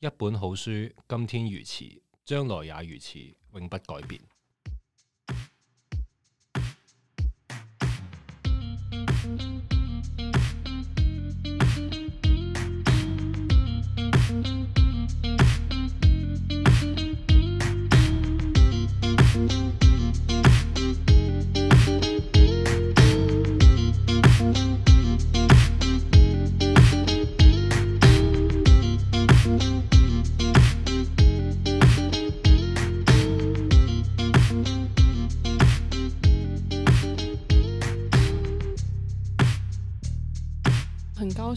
一本好書，今天如此，將來也如此，永不改變。